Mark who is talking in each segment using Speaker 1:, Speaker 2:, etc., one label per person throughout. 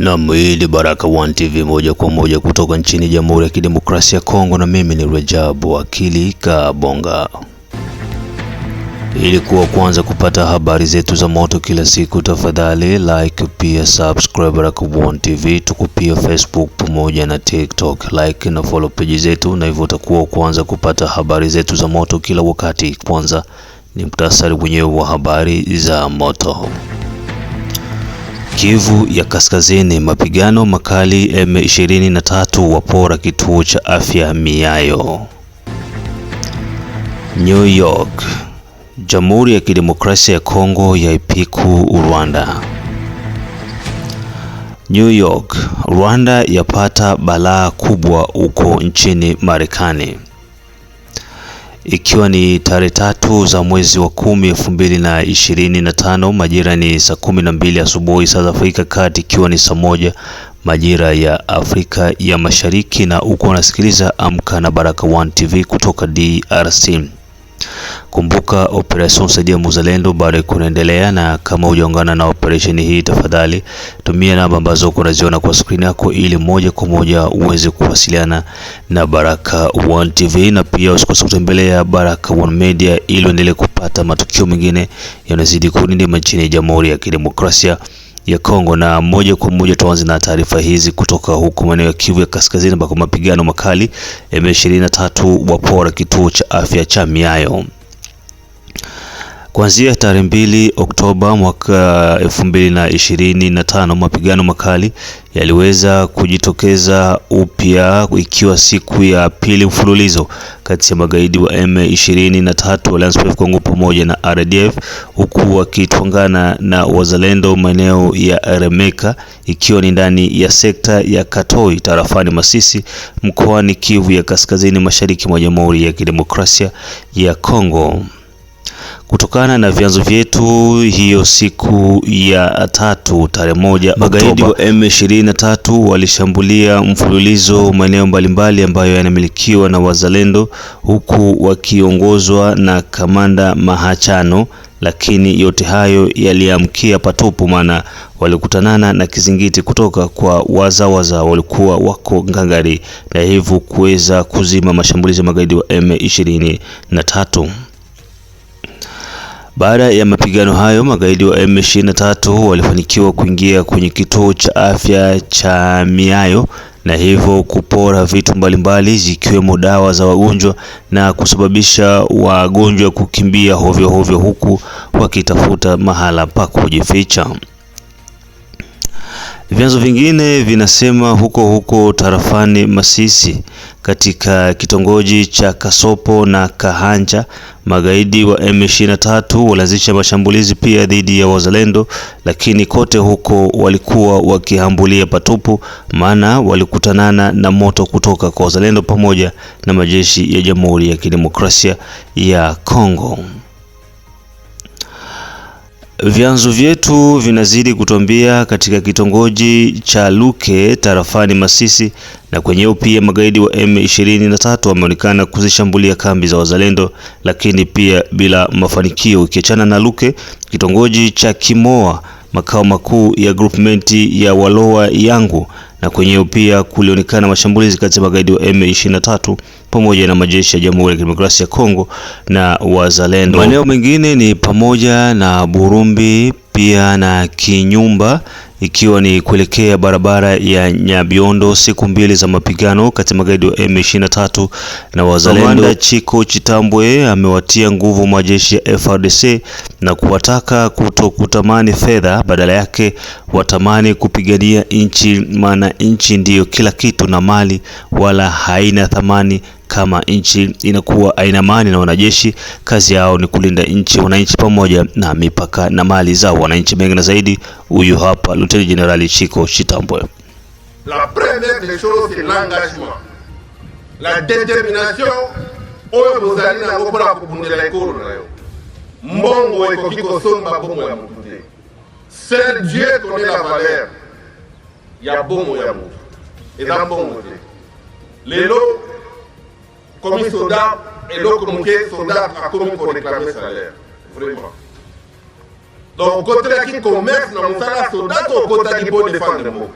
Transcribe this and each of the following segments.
Speaker 1: Na mwili Baraka One TV moja kwa moja kutoka nchini Jamhuri ya Kidemokrasia ya Kongo, na mimi ni Rajabu Wakili Kabonga. Ili kuwa kwanza kupata habari zetu za moto kila siku, tafadhali like, pia subscribe Baraka One TV. Tuko pia Facebook pamoja na TikTok, like na follow page zetu, na hivyo utakuwa kwanza kupata habari zetu za moto kila wakati. Kwanza ni muhtasari mwenyewe wa habari za moto. Kivu ya Kaskazini, mapigano makali. M23 wapora kituo cha afya Miayo. New York, Jamhuri ya Kidemokrasia ya Kongo yaipiku Rwanda. New York, Rwanda yapata balaa kubwa huko nchini Marekani ikiwa ni tarehe tatu za mwezi wa kumi elfu mbili na ishirini na tano majira ni saa kumi na mbili asubuhi saa za Afrika Kati, ikiwa ni saa moja majira ya Afrika ya Mashariki, na uko unasikiliza Amka na Baraka1 TV kutoka DRC. Kumbuka operation saidia muzalendo bado kunaendelea, na kama hujaungana na operesheni hii, tafadhali tumia namba ambazo uko unaziona kwa skrini yako, ili moja kwa moja uweze kuwasiliana na baraka One TV, na pia usikose kutembelea baraka One Media ili uendelee kupata matukio mengine yanazidi kunindima nchini ya Jamhuri ya Kidemokrasia ya Kongo. Na moja kwa moja tuanze na taarifa hizi kutoka huko maeneo ya Kivu ya Kaskazini, ambako mapigano makali M23 wapora kituo cha afya cha Miayo. Kuanzia tarehe mbili Oktoba mwaka uh, elfu mbili na ishirini na tano mapigano makali yaliweza kujitokeza upya ikiwa siku ya pili mfululizo kati ya magaidi wa M23 Alliance Patriotic Congo pamoja na RDF huku wakitwangana na wazalendo maeneo ya Remeka ikiwa ni ndani ya sekta ya Katoi tarafani Masisi mkoani Kivu ya Kaskazini Mashariki mwa Jamhuri ya Kidemokrasia ya Kongo. Kutokana na vyanzo vyetu, hiyo siku ya tatu tarehe moja, magaidi wa M23 walishambulia mfululizo maeneo mbalimbali ambayo yanamilikiwa na wazalendo huku wakiongozwa na kamanda Mahachano, lakini yote hayo yaliamkia patupu, maana walikutanana na kizingiti kutoka kwa wazawaza walikuwa wako ngangari, na hivyo kuweza kuzima mashambulizi ya magaidi wa M23. Baada ya mapigano hayo, magaidi wa M23 walifanikiwa kuingia kwenye kituo cha afya cha Miayo na hivyo kupora vitu mbalimbali zikiwemo dawa za wagonjwa na kusababisha wagonjwa kukimbia hovyo hovyo huku wakitafuta mahala pa kujificha. Vyanzo vingine vinasema huko huko tarafani Masisi katika kitongoji cha Kasopo na Kahanja, magaidi wa M23 walianzisha mashambulizi pia dhidi ya wazalendo, lakini kote huko walikuwa wakihambulia patupu, maana walikutanana na moto kutoka kwa wazalendo pamoja na majeshi ya Jamhuri ya Kidemokrasia ya Kongo. Vyanzo vyetu vinazidi kutuambia katika kitongoji cha Luke tarafani Masisi na kwenyeo pia magaidi wa M23 wameonekana kuzishambulia kambi za wazalendo, lakini pia bila mafanikio. Ikiachana na Luke, kitongoji cha Kimoa, makao makuu ya groupment ya Walowa yangu, na kwenyeo pia kulionekana mashambulizi kati ya magaidi wa M23 pamoja na majeshi ya Jamhuri ya Kidemokrasia ya Kongo na wazalendo. Maeneo mengine ni pamoja na Burumbi pia na Kinyumba ikiwa ni kuelekea barabara ya Nyabiondo. Siku mbili za mapigano kati ya magaidi wa M23 na wazalendo. Chiko Chitambwe amewatia nguvu majeshi ya FRDC na kuwataka kuto kutamani fedha, badala yake watamani kupigania nchi, maana nchi ndiyo kila kitu na mali wala haina thamani kama nchi inakuwa haina amani na wanajeshi kazi yao ni kulinda nchi, wananchi, pamoja na mipaka na mali za wananchi. Mengi na zaidi, huyu hapa Luteni Jenerali Chiko Chitambwe. La première des choses c'est l'engagement. La determination oyo bozali nango mpona kobundela ekolo na yo mbongo ekoki somba bomo ya motu te seul Dieu connaît la valeur ya bongo ya motu eza mbongo te lelo Comme et soldat, Commune Soda soldat à comme pour réclamer salaire vraiment donc côté qui commerce na mosala soldat, au côté du mpo défendre le mot.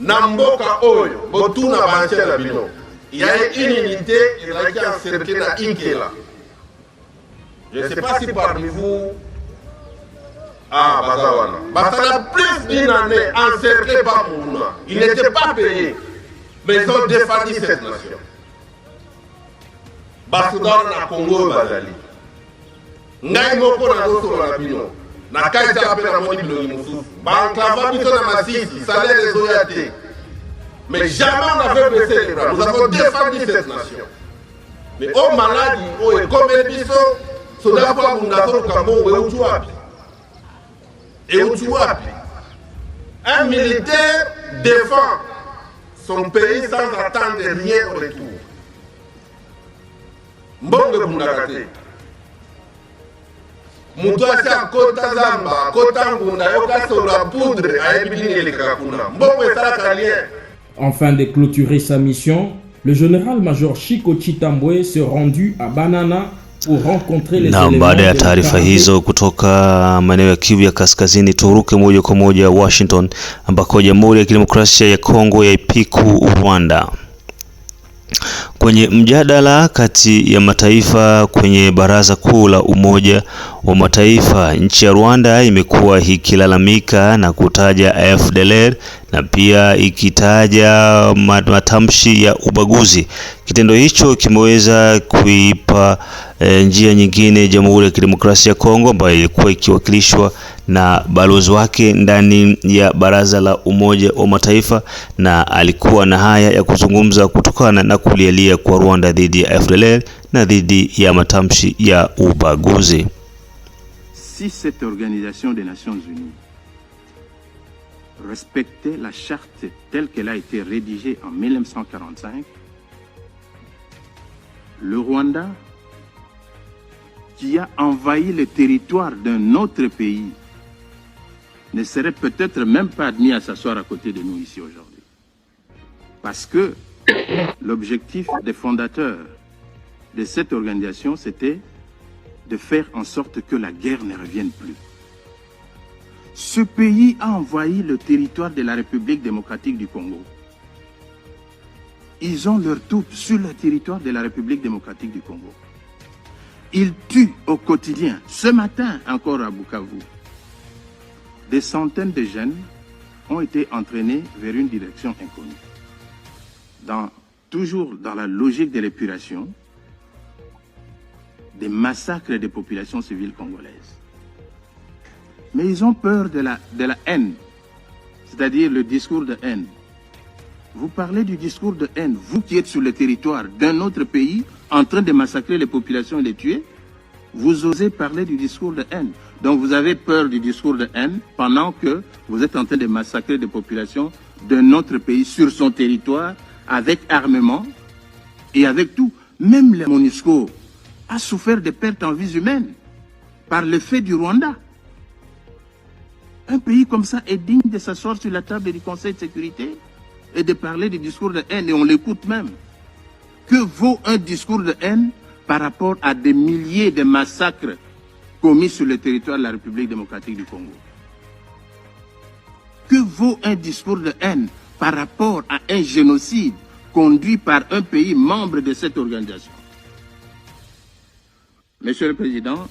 Speaker 1: mboka oyo botuna baantie na y a une unité qui a encerclé la la inkela je ne sais pas si parmi vous ah ça wana basala plus d'une année encerclé
Speaker 2: par Mouna. il n'était pas payé mais ils ont défendu cette nation. Basudar oh oh, oh, na Congo bazali. Ngai moko na zoso la bino. Na kaita ape na moni bilongi mosusu. Banklava biso na masisi, salaire des te. Mais jamais on n'avait baissé les bras. Nous avons défendu cette nation. Mais oh maladi, oh ekomeli biso, soda kwa mundazoluka mongo euti wapi? Euti wapi? Un militaire défend son pays sans attendre rien au retour mbongo ebundaka te moto asi zamba akota ngunda ayoka solo poudre ayebi nini elekaka kuna mbongo Enfin de clôturer sa mission, le général-major Chico Chitambwe se rendu à Banana Na baada ya taarifa
Speaker 1: hizo kutoka maeneo ya Kivu ya Kaskazini, turuke moja kwa moja Washington ambako Jamhuri ya Kidemokrasia ya Kongo yaipiku Rwanda kwenye mjadala kati ya mataifa kwenye Baraza Kuu la Umoja wa Mataifa, nchi ya Rwanda imekuwa ikilalamika na kutaja FDLR na pia ikitaja matamshi ya ubaguzi. Kitendo hicho kimeweza kuipa e, njia nyingine Jamhuri ya Kidemokrasia ya Kongo ambayo ilikuwa ikiwakilishwa na balozi wake ndani ya Baraza la Umoja wa Mataifa, na alikuwa na haya ya kuzungumza kutokana na kulialia kwa Rwanda dhidi ya FDLR na dhidi ya matamshi ya ubaguzi.
Speaker 3: Si cette organisation des Nations Unies respectait la charte telle qu'elle a été rédigée en 1945, le Rwanda qui a envahi le territoire d'un autre pays ne serait peut-être même pas admis à s'asseoir à côté de nous ici aujourd'hui. Parce que l'objectif des fondateurs de cette organisation, c'était de faire en sorte que la guerre ne revienne plus. Ce pays a envahi le territoire de la République démocratique du Congo. Ils ont leur troupes sur le territoire de la République démocratique du Congo. Ils tuent au quotidien. Ce matin, encore à Bukavu, des centaines de jeunes ont été entraînés vers une direction inconnue. toujours dans la logique de l'épuration, des massacres des populations civiles congolaises. Mais ils ont peur de la, de la haine, c'est-à-dire le discours de haine. Vous parlez du discours de haine, vous qui êtes sur le territoire d'un autre pays en train de massacrer les populations et les tuer, vous osez parler du discours de haine. Donc vous avez peur du discours de haine pendant que vous êtes en train de massacrer des populations d'un autre pays sur son territoire avec armement et avec tout. Même le MONUSCO a souffert de pertes en vies humaines par le fait du Rwanda. Un pays comme ça est digne de s'asseoir sur la table du Conseil de sécurité et de parler du discours de haine, et on l'écoute même. Que vaut un discours de haine par rapport à des milliers de massacres commis sur le territoire de la République démocratique du Congo. Que vaut un discours de haine par rapport à un génocide conduit par un pays membre de cette organisation Monsieur le Président,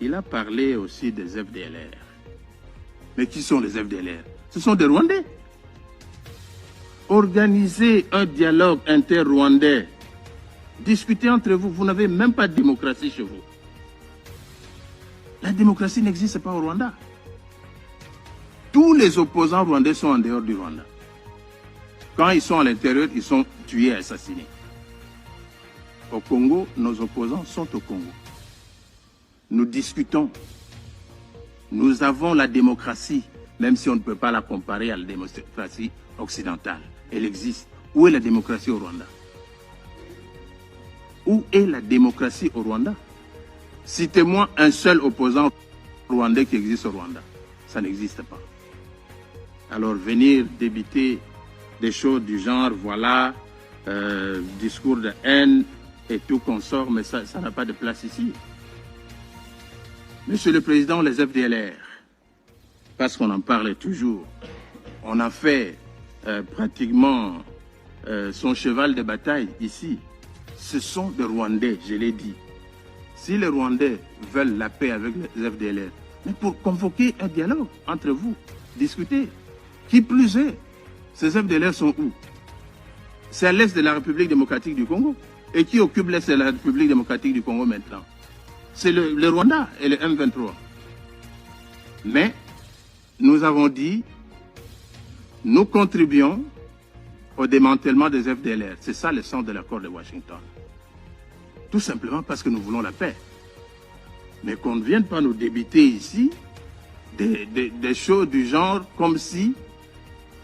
Speaker 3: il a parlé aussi des FDLR. Mais qui sont les FDLR Ce sont des Rwandais. Organisez un dialogue inter-rwandais. Discutez entre vous, vous n'avez même pas de démocratie chez vous. La démocratie n'existe pas au Rwanda. Tous les opposants rwandais sont en dehors du Rwanda. Quand ils sont à l'intérieur, ils sont tués et assassinés. Au Congo, nos opposants sont au Congo. Nous discutons. Nous avons la démocratie, même si on ne peut pas la comparer à la démocratie occidentale. Elle existe. Où est la démocratie au Rwanda Où est la démocratie au Rwanda Citez-moi un seul opposant rwandais qui existe au Rwanda. Ça n'existe pas. Alors venir débiter des choses du genre, voilà, euh, discours de haine et tout consort, mais ça n'a pas de place ici. Monsieur le Président, les FDLR, parce qu'on en parle toujours, on a fait euh, pratiquement euh, son cheval de bataille ici. Ce sont des Rwandais, je l'ai dit. Si les Rwandais veulent la paix avec les FDLR, mais pour convoquer un dialogue entre vous, discuter. Qui plus est, ces FDLR sont où C'est à l'est de la République démocratique du Congo. Et qui occupe l'est de la République démocratique du Congo maintenant C'est le, le Rwanda et le M23. Mais nous avons dit, nous contribuons au démantèlement des FDLR. C'est ça le sens de l'accord de Washington. Tout simplement parce que nous voulons la paix. Mais qu'on ne vienne pas nous débiter ici des, choses du genre comme si,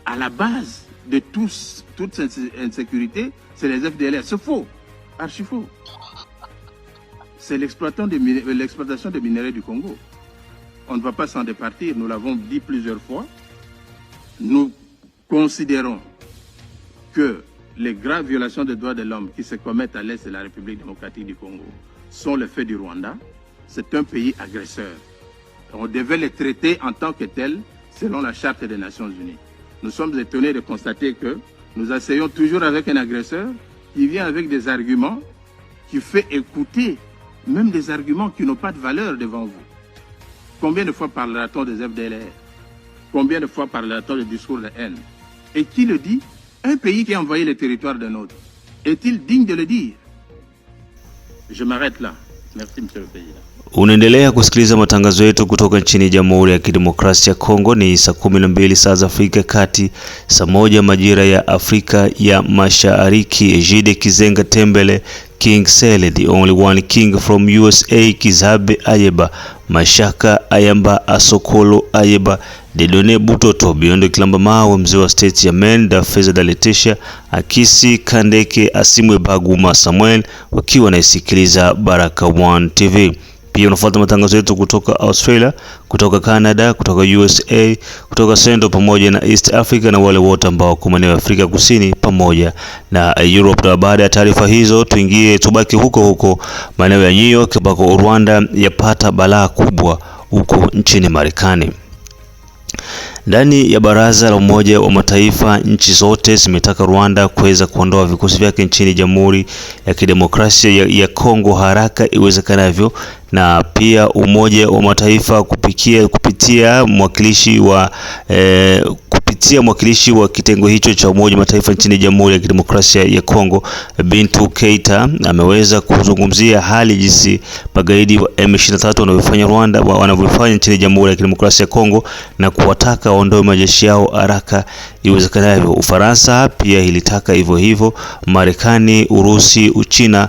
Speaker 3: à la base de tous, toute cette insécurité, c'est les FDLR. C'est faux, archi faux. C'est l'exploitation des, euh, l'exploitation des minéraux du Congo. On ne va pas s'en départir, nous l'avons dit plusieurs fois. Nous considérons que les graves violations des droits de l'homme qui se commettent à l'est de la République démocratique du Congo sont le fait du Rwanda. C'est un pays agresseur. On devait les traiter en tant que tel selon la Charte des Nations Unies. Nous sommes étonnés de constater que nous essayons toujours avec un agresseur qui vient avec des arguments, qui fait écouter même des arguments qui n'ont pas de valeur devant vous. Combien de fois parlera-t-on des FDLR Combien de fois parlera-t-on des discours de haine Et qui le dit Un pays qui a envahi le territoire d'un autre, est-il digne de le dire? Je m'arrête là. Merci,
Speaker 1: monsieur le président. Unaendelea kusikiliza matangazo yetu kutoka nchini Jamhuri ya Kidemokrasia ya Kongo. Ni saa kumi na mbili saa za Afrika Kati, saa moja majira ya Afrika ya Mashariki. Jide Kizenga Tembele King Sele, the only one king from USA, Kizabe Ayeba, Mashaka Ayamba, Asokolo Ayeba, Dedone Butoto, Biondo Kilamba Mawe, mzee wa state ya feza da Letesha, Akisi Kandeke, Asimwe Baguma Samuel, wakiwa naisikiliza Baraka One TV. Pia unafuata matangazo yetu kutoka Australia, kutoka Canada, kutoka USA, kutoka Central pamoja na East Africa na wale wote ambao wako maeneo ya Afrika Kusini pamoja na Europe. Na baada ya taarifa hizo, tuingie tubaki huko huko maeneo ya New York ambako Rwanda yapata balaa kubwa huko nchini Marekani. Ndani ya Baraza la Umoja wa Mataifa, nchi zote zimetaka Rwanda kuweza kuondoa vikosi vyake nchini Jamhuri ya Kidemokrasia ya Kongo haraka iwezekanavyo, na pia Umoja wa Mataifa kupikia, kupitia mwakilishi wa eh, kupitia mwakilishi wa kitengo hicho cha Umoja Mataifa nchini Jamhuri ya Kidemokrasia ya Kongo, Bintu Keita ameweza kuzungumzia hali jinsi magaidi wa M23 wanavyofanya Rwanda wanavyofanya nchini Jamhuri ya Kidemokrasia ya Kongo na kuwataka waondoe majeshi yao haraka iwezekanavyo. Ufaransa pia ilitaka hivyo hivyo, Marekani, Urusi, Uchina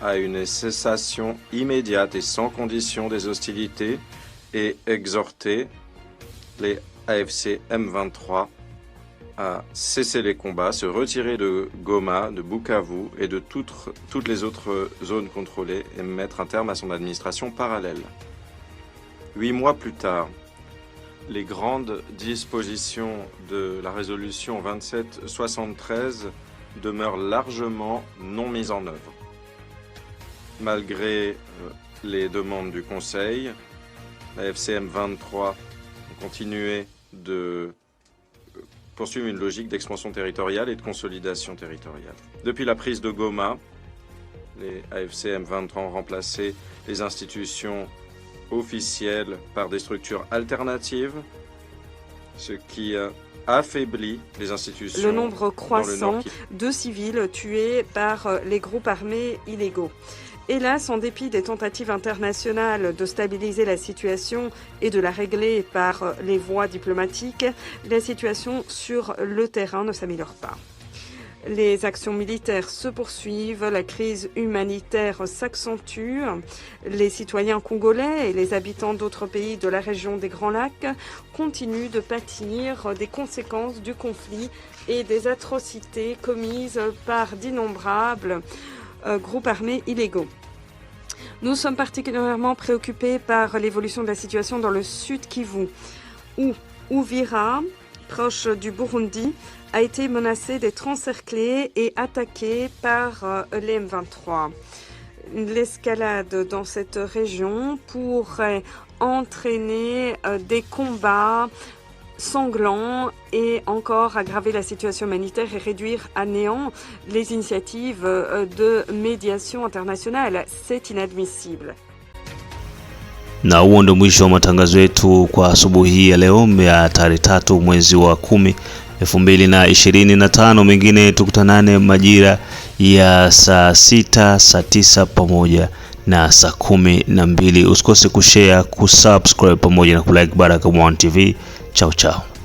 Speaker 4: à une cessation immédiate et sans condition des hostilités et exhorter les AFC M23 à cesser les combats, se retirer de Goma, de Bukavu et de toutes, toutes les autres zones contrôlées et mettre un terme à son administration parallèle. Huit mois plus tard, les grandes dispositions de la résolution 2773 demeurent largement non mises en œuvre malgré euh, les demandes du Conseil. La FCM 23 a continué de euh, poursuivre une logique d'expansion territoriale et de consolidation territoriale. Depuis la prise de Goma, les AFCM 23 ont remplacé les institutions officielles par des structures alternatives, ce qui affaiblit les institutions. Le nombre croissant
Speaker 5: de civils tués par euh, les groupes armés illégaux. Hélas, en dépit des tentatives internationales de stabiliser la situation et de la régler par les voies diplomatiques, la situation sur le terrain ne s'améliore pas. Les actions militaires se poursuivent, la crise humanitaire s'accentue, les citoyens congolais et les habitants d'autres pays de la région des Grands Lacs continuent de pâtir des conséquences du conflit et des atrocités commises par d'innombrables euh, groupes armés illégaux. Nous sommes particulièrement préoccupés par l'évolution de la situation dans le sud Kivu, où Ouvira, proche du Burundi, a été menacé d'être encerclée et attaquée par euh, les M23. L'escalade dans cette région pourrait entraîner euh, des combats sanglant et encore aggraver la situation humanitaire et réduire à néant les initiatives euh, de médiation internationale. C'est inadmissible.
Speaker 1: Na huo ndio mwisho wa matangazo yetu kwa asubuhi hii ya leo ya tarehe tatu mwezi wa kumi elfu mbili na ishirini na tano. Mengine tukutanane majira ya saa sita, saa tisa pamoja na saa kumi na mbili. Usikose kushare, kusubscribe pamoja na kulike Baraka1 TV. Ciao ciao.